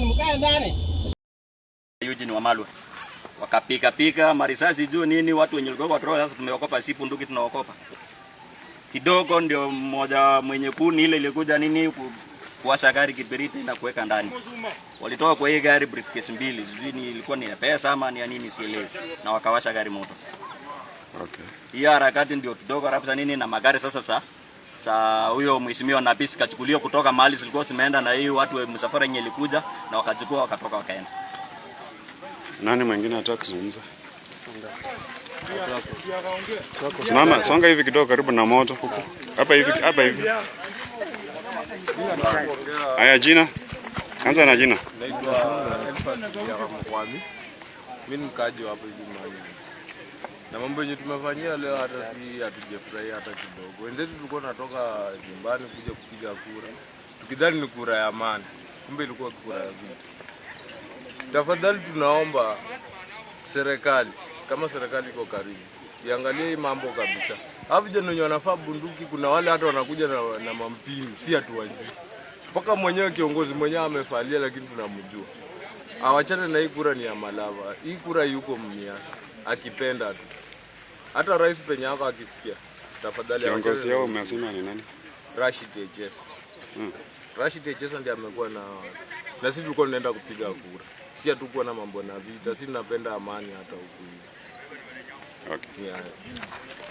ndani, mkae ndani. Eugene Wamalwa wakapika pika marisasi juu nini, watu wenye walikuwa watoroa. Sasa tumeokopa, si punduki tunaokopa kidogo, ndio mmoja mwenye kuni ile ilikuja nini kuwasha gari kibiriti na kuweka ndani. Walitoa kwa hii gari briefcase mbili, sijui ni ilikuwa ni pesa ama ni nini sielewi, na wakawasha gari moto. Okay, hiyo harakati ndio kidogo rapsa nini na magari sasa sasa Sa huyo mheshimiwa Nabis sikachukuliwa kutoka mahali zilikuwa zimeenda na hii watu wa msafara yenye ilikuja na wakachukua wakatoka wakaenda. Nani mwingine anataka kuzungumza? Simama, songa hivi kidogo karibu na moto huko. Hapa hivi, hapa hivi. Aya, jina. Anza na jina. Naitwa Elfas Mwami. Mimi mkaji wa hapa hivi mahali na mambo yenye tumefanyia leo hata si hatujafurahia hata kidogo. Wenzetu tulikuwa tunatoka nyumbani kuja kupiga kura tukidhani ni kura ya amani, kumbe ilikuwa kura ya vita. Tafadhali tunaomba serikali, kama serikali iko karibu, iangalie hii mambo kabisa. Hapo jana wenye wanafaa bunduki, kuna wale hata wanakuja na, na mampini, si hatuwajui mpaka mwenyewe kiongozi mwenyewe amefalia, lakini tunamjua awachane na hii kura, ni ya Malava. Hii kura yuko Mnias akipenda tu, hata rais penye yako akisikia. Tafadhali kiongozi yao umesema ni nani? Rashid Eches. Hmm. Rashid Eches ndiye amekuwa na na sisi tulikuwa tunaenda kupiga kura, si hatukuwa na mambo na vita, si tunapenda amani hata huku. Okay. Yeah.